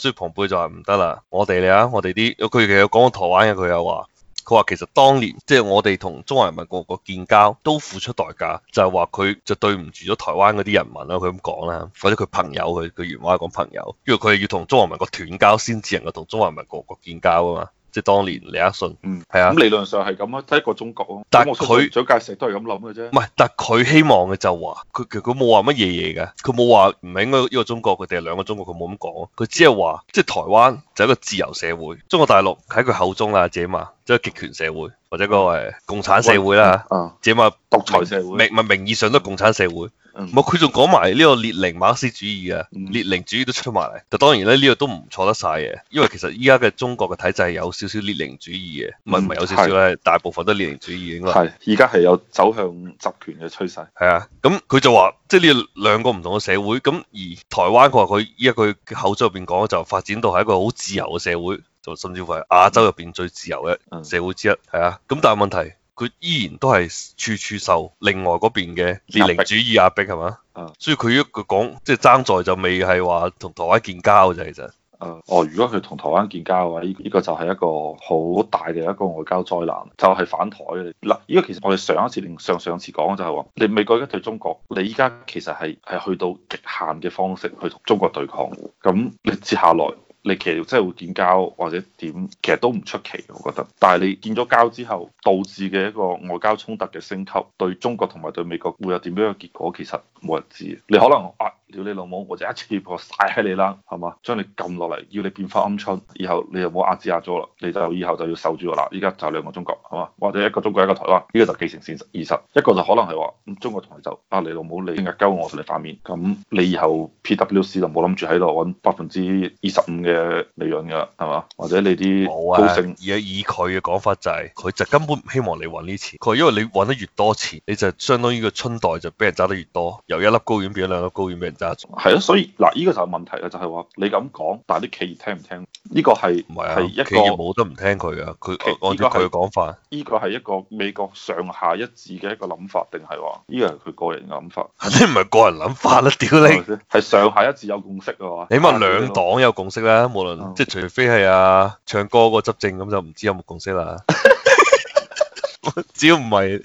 所以蓬佩就話唔得啦，我哋嚟啊，我哋啲，佢其實講到台灣嘅，佢又話，佢話其實當年即係、就是、我哋同中華人民共和國建交都付出代價，就係話佢就對唔住咗台灣嗰啲人民啦，佢咁講啦，或者佢朋友，佢佢原話係講朋友，因為佢係要同中華民國斷交先至能夠同中華人民共和國建交啊嘛。即係當年李克信，嗯，係啊，咁理論上係咁啊，一個中國咯。但係佢蔣介石都係咁諗嘅啫。唔係，但係佢希望嘅就話，佢佢冇話乜嘢嘢嘅，佢冇話唔係應該一個中國，佢哋係兩個中國，佢冇咁講。佢只係話，即係台灣就係一個自由社會，中國大陸喺佢口中啦，只嘛。即係極權社會，或者嗰個係共產社會啦，即係話獨裁社會，名唔係，名義上都係共產社會，唔係，佢仲講埋呢個列寧馬克思主義啊，嗯、列寧主義都出埋嚟，就當然咧呢、這個都唔錯得晒嘅，因為其實依家嘅中國嘅體制係有少少列寧主義嘅，唔係唔係有少少咧，的大部分都列寧主義應該係，依家係有走向集權嘅趨勢，係啊，咁佢就話即係呢兩個唔同嘅社會，咁而台灣佢話佢依家佢口中入邊講就發展到係一個好自由嘅社會。就甚至乎係亞洲入邊最自由嘅社會之一，係、嗯、啊，咁但係問題，佢依然都係處處受另外嗰邊嘅列寧主義壓迫，係嘛？嗯，所以佢一個講，即係爭在就未係話同台灣建交嘅啫，其實。嗯，哦，如果佢同台灣建交嘅話，呢個就係一個好大嘅一個外交災難，就係反台嗱。依個其實我哋上一次、上上次講嘅就係話，你美國而家對中國，你依家其實係係去到極限嘅方式去同中國對抗，咁你接下來。你其實真係會建交或者點，其實都唔出奇，我覺得。但係你建咗交之後，導致嘅一個外交衝突嘅升級，對中國同埋對美國會有點樣嘅結果，其實冇人知。你可能壓。啊屌你老母，我就一次過晒喺你啦，係嘛？將你撳落嚟，要你變翻鵪鶉，以後你又冇阿支阿左啦，你就以後就要守住啦。依家就兩個中國，係嘛？或者一個中國一個台灣，呢個就既成現實。二十一個就可能係話咁中國同埋就啊，你老母你聽日交我同你反面，咁你以後 P W C 就冇諗住喺度搵百分之二十五嘅利潤噶，係嘛？或者你啲冇成而以佢嘅講法就係、是，佢就根本唔希望你搵呢錢，佢因為你搵得越多錢，你就相當於個春袋就俾人揸得越多，由一粒睾丸變咗兩粒睾丸俾人。係啊，所以嗱，呢個就係問題啊！就係話你咁講，但係啲企業聽唔聽？呢個係唔係啊？企業冇得唔聽佢啊！佢按照佢嘅講法，呢個係一個美國上下一致嘅一個諗法，定係話呢個係佢個人嘅諗法？你唔係個人諗法啦，屌你！係人上下一致有共識啊，起碼兩黨有共識啦，無論、嗯、即係除非係啊唱歌個執政咁，就唔知有冇共識啦。 只要唔係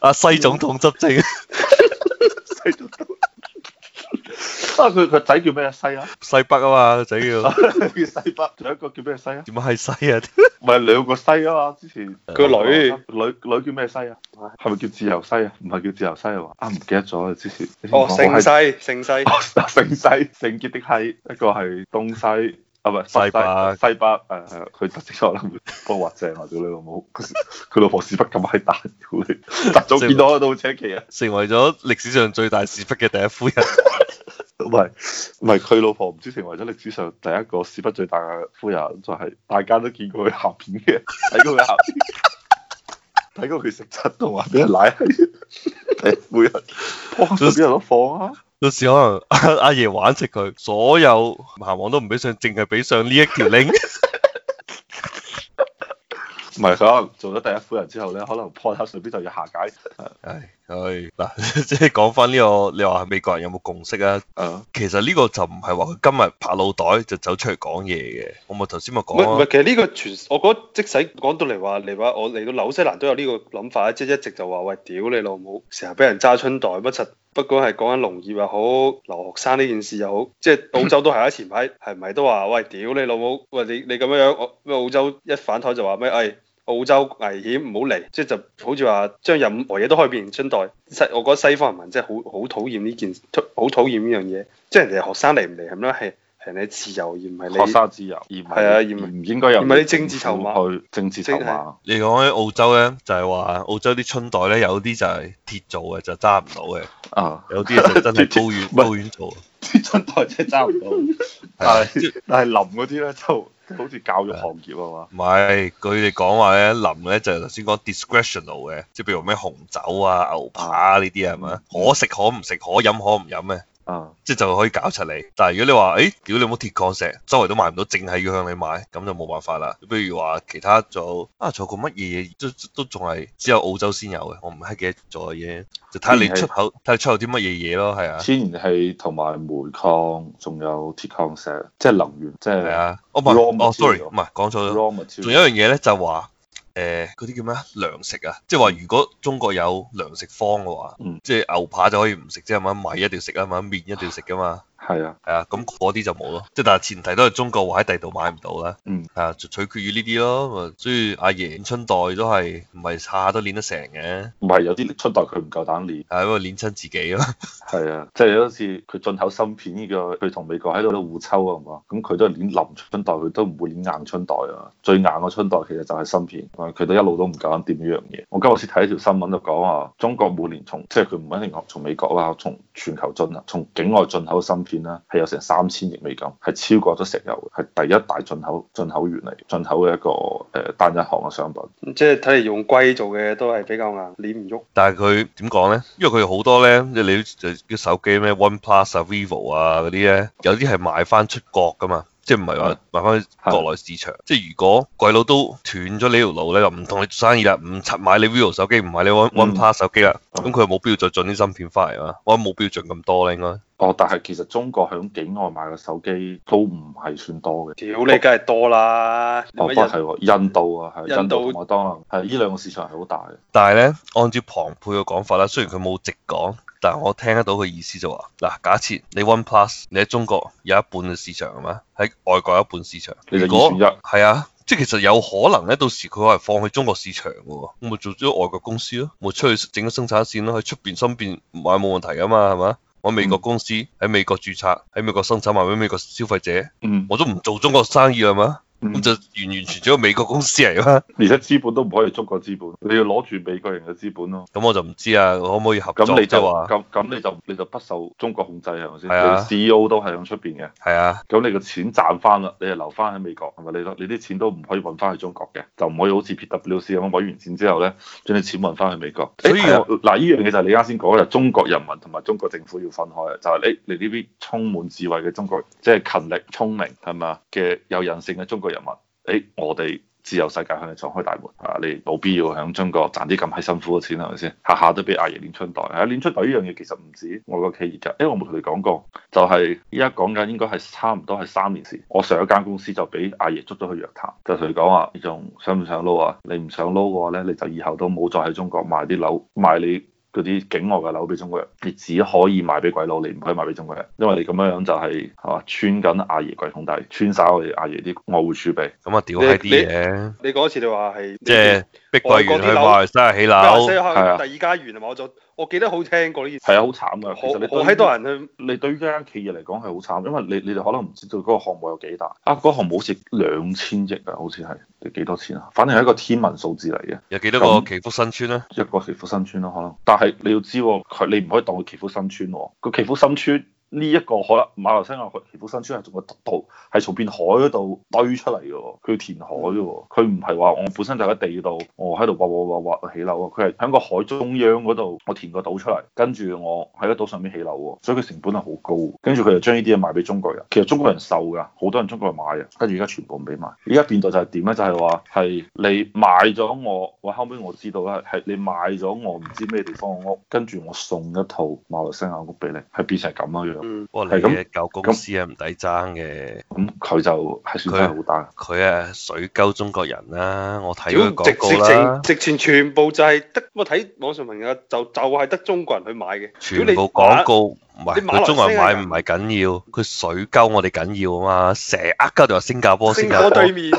阿西總統執政。 啊！佢佢個仔叫咩西啊？西北啊嘛，仔叫叫西北。仲有一個叫咩西啊？點解係西啊？唔係兩個西啊嘛？之前佢女女女叫咩西啊？係咪叫自由西啊？唔係叫自由西啊？啊，唔記得咗啊！之前哦，姓西，姓西，姓西，姓傑的西，一個係東西啊，咪？西北西北誒，佢特色可能不過話正啊，屌你老母，佢老婆屎忽咁閪大，早見到都好扯旗啊！成為咗歷史上最大屎忽嘅第一夫人。唔係唔係，佢老婆唔知成為咗歷史上第一個屎忽最大嘅夫人，就係、是、大家都見過佢鹹片嘅，睇過佢鹹片，睇過佢食七度話，俾人舐，每日，到時邊人都放啊，到時可能阿爺、啊、玩食佢，所有鹹網都唔俾上，淨係俾上呢一條 link。 唔係，佢可能做咗第一夫人之後咧，可能鋪頭上邊就要下解。係，唉，嗱，即係講翻呢個，你話美國人有冇共識啊？誒、uh，huh. 其實呢個就唔係話佢今日拍腦袋就走出嚟講嘢嘅。我咪頭先咪講咯。唔係，其實呢個全，我覺得即使講到嚟話嚟話，你話我嚟到紐西蘭都有呢個諗法，即係一直就話喂，屌你老母，成日俾人揸春袋乜不管係講緊農業又好，留學生呢件事又好，即係澳洲都係啦。前排係咪都話喂，屌你老母，喂你你咁樣樣，澳洲一反台就話咩、哎？澳洲危險，唔好嚟，即係就好似話將任何嘢都可以變春袋。西我覺得西方人民真係好好討厭呢件事，好討厭呢樣嘢。即係人哋學生嚟唔嚟咁啦，係。平你自由而唔係學生自由，而係啊而唔應該有而唔係啲政治籌碼，政治籌碼。你講起澳洲咧，就係話澳洲啲春袋咧，有啲就係鐵做嘅，就揸唔到嘅。啊！有啲就真係高遠高遠做。春袋真係揸唔到，係，但係林嗰啲咧就好似教育行業啊嘛。唔係佢哋講話咧，林咧就頭先講 discretional 嘅，即係譬如咩紅酒啊、牛扒啊呢啲啊，係嘛？可食可唔食，可飲可唔飲嘅。啊！嗯、即係就可以搞出嚟。但係如果你話，誒、欸，如果你冇鐵礦石，周圍都買唔到，淨係要向你買，咁就冇辦法啦。譬如話其他組啊，做過乜嘢嘢都都仲係只有澳洲先有嘅。我唔係記得做嘅嘢，就睇下你出口睇下出口啲乜嘢嘢咯。係啊，天然氣同埋煤礦，仲有鐵礦石，即係能源，即係係啊。哦 sorry，唔係講錯咗。仲 raw material. 有一樣嘢咧，就話。誒嗰啲叫咩啊？糧食啊，即係話如果中國有糧食荒嘅話，即係、嗯、牛扒就可以唔食即係嘛？就是、米一定要食啊、嗯、嘛，麵一定要食噶嘛。係啊，係啊、嗯，咁嗰啲就冇咯，即係但係前提都係中國話喺第度買唔到啦，嗯，啊，取決於呢啲咯，所以阿爺春袋都係唔係下下都捏得成嘅，唔係有啲春袋佢唔夠膽捏，係、啊、因為捏親自己咯，係啊，即、就、係、是、有時佢進口芯片呢、這個，佢同美國喺度互抽啊嘛，咁佢都係捏臨春袋，佢都唔會捏硬春袋啊，最硬嘅春袋其實就係芯片，佢都一路都唔夠膽掂呢樣嘢。我今日先睇一條新聞就講啊，中國每年從即係佢唔一定學從美國啦，從全球進入，從境外進口芯片。係有成三千億美金，係超過咗石油，係第一大進口進口源嚟，進口嘅一個誒、呃、單一行嘅商品。即係睇嚟用硅做嘅都係比較硬，攣唔喐。但係佢點講呢？因為佢好多呢，即係你啲手機咩 OnePlus 啊、Vivo 啊嗰啲呢，有啲係賣翻出國噶嘛。即係唔係話賣翻國內市場？的即係如果貴佬都斷咗呢條路咧，就唔同你做生意啦，唔出買你 VIVO 手機，唔買你 One OnePlus 手機啦，咁佢冇必要再進啲芯片翻嚟嘛？我覺得冇必要進咁多咧，應該。哦，但係其實中國響境外買嘅手機都唔係算多嘅。屌你，梗係多啦！乜嘢係？印度啊，係印度，印度麥當、馬來西亞呢兩個市場係好大嘅。但係咧，按照龐佩嘅講法啦，雖然佢冇直講。但係我聽得到佢意思就話，嗱，假設你 One Plus 你喺中國有一半嘅市場係嘛，喺外國有一半市場。你哋講係啊，即係其實有可能咧，到時佢可能放喺中國市場嘅喎，咪做咗外國公司咯，咪出去整個生產線咯，去出邊身邊買冇問題㗎嘛，係嘛？我美國公司喺美國註冊，喺美國生產賣俾美國消費者，嗯，我都唔做中國生意係嘛？嗯、就完完全全個美國公司嚟啦，而家資本都唔可以中國資本，你要攞住美國人嘅資本咯。咁我就唔知啊，可唔可以合作？咁你就話咁咁你就你就不受中國控制係咪先？你 C E O 都係響出邊嘅？係啊。咁你嘅錢賺翻啦，你係留翻喺美國係咪？你你啲錢都唔可以運翻去中國嘅，就唔可以好似 P W C 咁運完錢之後咧，將啲錢運翻去美國。所以嗱，呢、欸啊、樣嘢就係你啱先講嘅，就中國人民同埋中國政府要分開啊，就係、是、你你呢啲充滿智慧嘅中國，即、就、係、是、勤力聰明係咪嘅有人性嘅中國。是人物，誒、哎，我哋自由世界向你敞開大門，嚇、啊、你冇必要喺中國賺啲咁閪辛苦嘅錢，係咪先？下下都俾阿爺捏春袋，係啊，捏春袋呢樣嘢其實唔止我個企業㗎，誒、哎，我冇同你講過，就係依家講緊應該係差唔多係三年前，我上一間公司就俾阿爺捉咗去約談，就同佢講話，你仲想唔想撈啊？你唔想撈嘅、啊、話咧，你就以後都冇再喺中國賣啲樓賣你，嗰啲境外嘅樓俾中國人，你只可以賣俾鬼佬，你唔可以賣俾中國人，因為你咁樣樣就係係嘛穿緊阿爺櫃桶底，穿曬我哋阿爺啲外匯儲備，咁啊屌閪啲嘢！你你次你話係即係碧桂園啲樓，樓，樓起樓，第二家園就冇咗。的我記得好聽過呢件事，係啊，好慘啊。其實你好多人去，你對於間企業嚟講係好慘，因為你你哋可能唔知道嗰個項目有幾大啊！嗰個項目好似兩千億啊，好似係幾多錢啊？反正係一個天文數字嚟嘅。有幾多個祈福新村咧？一個祈福新村咯、啊，可能。但係你要知佢、啊，你唔可以當佢祈福新村喎、啊。個祈福新村。呢一個海，馬來西亞奇富新村係做個島，係從邊海嗰度堆出嚟嘅，佢填海嘅，佢唔係話我本身就喺地度，我喺度挖挖挖挖起樓啊，佢係喺個海中央嗰度，我填個島出嚟，跟住我喺個島上面起樓喎，所以佢成本係好高，跟住佢就將呢啲嘢賣俾中國人，其實中國人受㗎，好多人中國人買啊，跟住而家全部唔俾賣，而家變到就係點咧？就係話係你買咗我，我後尾我知道啦，係你買咗我唔知咩地方嘅屋，跟住我送一套馬來西亞屋俾你，係變成咁嘅樣。不過你嘅舊公司啊，唔抵爭嘅，咁佢就係算佢係好大。佢啊水溝中國人啦，我睇佢廣告直情直情全部就係得我睇網上朋友就就係得中國人去買嘅，全部廣告唔係中國人買唔係緊要，佢水溝我哋緊要啊嘛，成日勾住話新加坡，新加坡對面，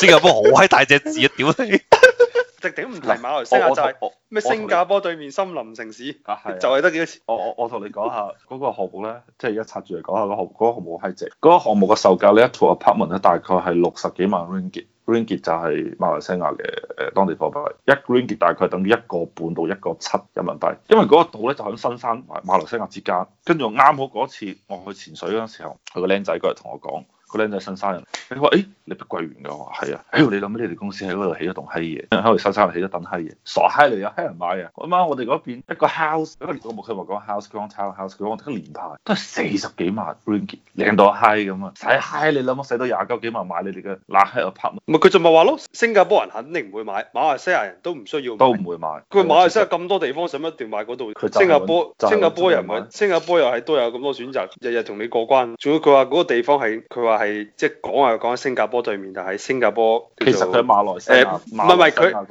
新加坡好閪大隻字啊！屌直情唔提馬來西亞咩新加坡對面森林城市，啊啊、就係得幾多錢？我我我同你講下嗰、那個項目咧，即係而家拆住嚟講下嗰項嗰個項目係值。嗰、那個項目嘅售價咧，一套 apartment 咧，大概係六十幾萬 ringgit，ringgit 就係馬來西亞嘅誒當地貨幣，一 ringgit 大概等於一個半到一個七人民幣。因為嗰個島咧就喺新山馬來西亞之間，跟住啱好嗰次我去潛水嗰陣時候，佢個僆仔過嚟同我講。個靚仔新山人，佢話：，誒、哎，你碧桂園㗎，我話係啊，誒、哎，你諗咩？你哋公司喺嗰度起咗棟閪嘢，喺度新山起咗棟閪嘢，傻閪嚟啊，閪人買啊，阿媽，我哋嗰邊一個 house，, 個 house 一個木契話講 house，講 town house，佢講得連排都係四十幾萬 ringgit，靚到嗨咁啊，使嗨。多多」你諗乜？使到廿九幾萬買你哋嘅垃圾個 part 佢仲咪話咯，新加坡人肯定唔會買，馬來西亞人都唔需要，都唔會買。佢馬來西亞咁多地方，使乜一定買嗰度，佢新加坡、就是、新加坡人唔新加坡又係都有咁多選擇，日日同你過關。仲要佢話嗰個地方係佢話。係即係講啊，講喺新加坡對面，就喺新加坡、就係，其實佢喺馬來西亞，唔係唔係佢，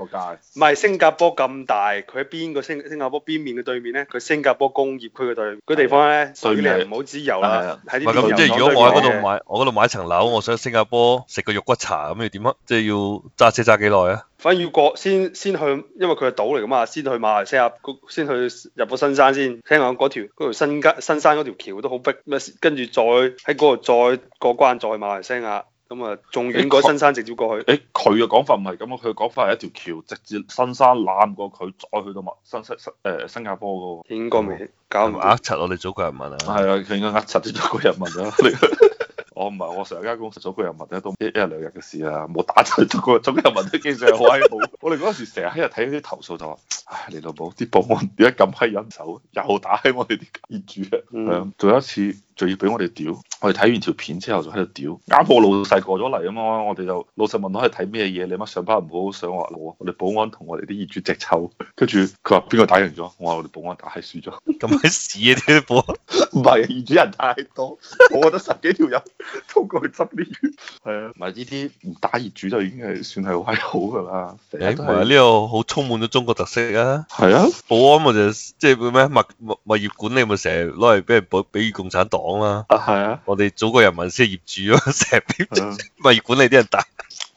唔係新加坡咁大，佢喺邊個星？新加坡邊面嘅對面咧？佢新加坡工業區嘅對面嗰地方咧，水於你唔好自由啦。係係即係如果我喺嗰度買，我嗰度買一層樓，買一層樓，我想新加坡食個肉骨茶咁，你點啊？即係要揸車揸幾耐啊？反而要過先先去，因為佢係島嚟噶嘛，先去馬來西亞，先去入個新山先。聽講嗰條條新加新山嗰條橋都好逼咩？跟住再喺嗰度再過關，再馬來西亞咁啊，仲遠過新山直接過去。誒、欸，佢嘅講法唔係咁啊，佢嘅講法係一條橋直接新山攬過佢，再去到馬新新新誒新加坡噶、那個。應該未搞呃柒我哋祖國人民啊！係啊，佢應該呃柒咗祖國人民啦、啊。 我唔係，我成日間公司做個入文都一一日兩日嘅事啦，冇打錯，做個做個入文啲記者好閪好， 我哋嗰時成日喺度睇啲投訴就話。唉，你老母啲保安點解咁閪忍手又打喺我哋啲業主啊！係啊、嗯，仲、嗯、有一次，仲要俾我哋屌。我哋睇完條片之後就，就喺度屌。啱好老細過咗嚟，啊嘛，我哋就老細問我係睇咩嘢。你乜上班唔好上滑路啊？我哋保安同我哋啲業主直抽。跟住佢話邊個打贏咗？我話我哋保安打輸咗。咁閪屎啊！啲保安唔係業主人太多， 我覺得十幾條人通過去執啲煙。係啊，唔係呢啲唔打業主就已經係算係好嘅啦。誒，唔係呢個好充滿咗中國特色。係啊，保安咪就即係叫咩物物物業管理咪成日攞嚟俾人保比比喻共產黨啦，啊係啊，我哋祖國人民先係業主咯，成日俾物業管理啲人打，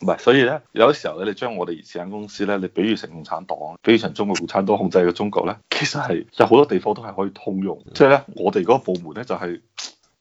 唔係所以咧，有啲時候咧你將我哋呢間公司咧，你比喻成共產黨，比喻成中國共產黨控制嘅中國咧，其實係有好多地方都係可以通用嘅，即係咧我哋嗰個部門咧就係、是、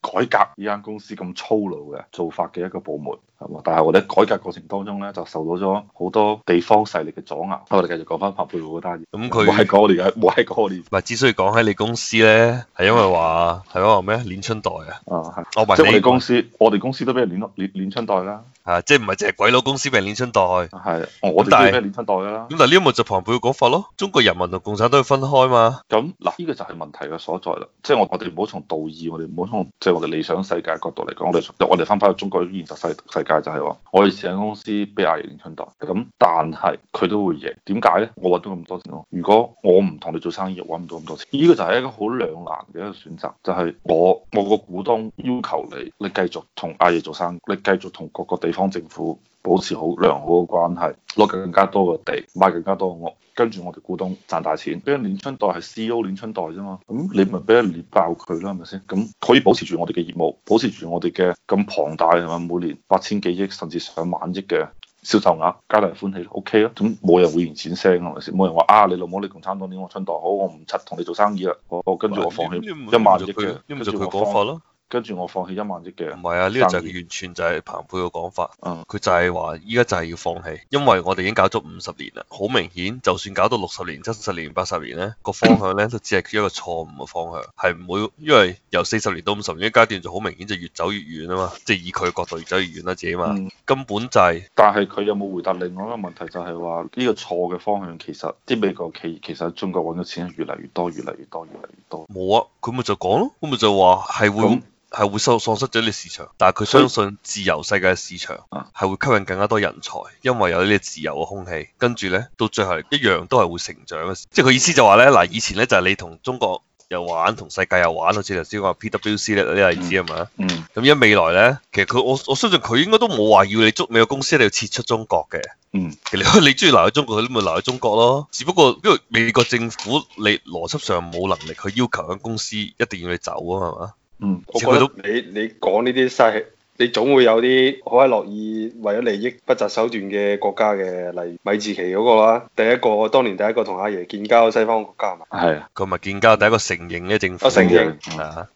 改革呢間公司咁粗魯嘅做法嘅一個部門。但係我哋改革過程當中咧，就受到咗好多地方勢力嘅阻壓。我哋繼續講翻蓬佩奧嗰單嘢。咁佢唔係講我哋啊，唔係過年。唔係 只需要講喺你公司咧，係因為話係咯咩？捏春袋啊。啊，係。哦，即係我哋公司，啊、我哋公司都俾人捏捏春袋啦、啊。係、啊，即係唔係淨係鬼佬公司俾人捏春袋、啊？係、啊。我哋都咩捏春袋㗎、啊、啦。咁但係呢一咪就蓬佩奧講法咯。中國人民同共產黨都要分開嘛？咁嗱，呢個就係問題嘅所在啦。即、就、係、是、我我哋唔好從道義，我哋唔好從即係、就是、我哋理想世界角度嚟講。我哋、就是、我哋翻返去中國現實世世界。就係話，我哋成間公司俾阿爺捏春袋，咁但係佢都會贏，點解呢？我揾到咁多錢喎！如果我唔同你做生意，又揾唔到咁多錢，呢、這個就係一個好兩難嘅一個選擇，就係、是、我我個股東要求你，你繼續同阿爺做生意，你繼續同各個地方政府。保持好良好嘅關係，攞更加多嘅地，賣更加多嘅屋，跟住我哋股東賺大錢。俾人捏春袋係 C O 捏春袋啫嘛，咁你咪俾人捏爆佢啦，係咪先？咁可以保持住我哋嘅業務，保持住我哋嘅咁龐大係嘛，每年八千幾億甚至上萬億嘅銷售額，皆大歡喜，O K 啊？咁、OK、冇人會嫌錢腥係咪先？冇人話啊，你老母你共產黨捏我春袋好，我唔柒同你做生意啦，我跟住我放棄 1, 不一萬億佢，因為就佢講法跟住我放棄一萬億嘅，唔係啊，呢、這個就係完全就係彭佩嘅講法，佢、嗯、就係話依家就係要放棄，因為我哋已經搞咗五十年啦，好明顯，就算搞到六十年、七十年、八十年呢、這個方向呢，嗯、都只係一個錯誤嘅方向，係唔會，因為由四十年到五十年嘅階段，就好明顯就越走越遠啊嘛，即、就、係、是、以佢嘅角度越走越遠啦，自己嘛，嗯、根本就係、是，但係佢有冇回答另外一個問題就，就係話呢個錯嘅方向其實啲美國企業其實喺中國揾嘅錢越嚟越多，越嚟越多，越嚟越多，冇啊，佢咪就講咯，佢咪就話係會。係會收喪失咗你市場，但係佢相信自由世界嘅市場係會吸引更加多人才，因為有呢啲自由嘅空氣，跟住咧到最後一樣都係會成長嘅，即係佢意思就話咧，嗱，以前咧就係你同中國又玩，同世界又玩，好似頭先話 P W C 咧呢啲例子係嘛，咁而家未來咧，其實佢我我相信佢應該都冇話要你捉美國公司一定要撤出中國嘅，嗯，你中意留喺中國，佢都咪留喺中國咯，只不過因為美國政府你邏輯上冇能力去要求間公司一定要你走啊嘛。嗯，我覺得你你講呢啲嘥氣，你總會有啲可以樂意為咗利益不擇手段嘅國家嘅，例如米字旗嗰個啦。第一個當年第一個同阿爺建交西方國家嘛，係、啊，佢咪建交第一個承認嘅政府，承認，啊。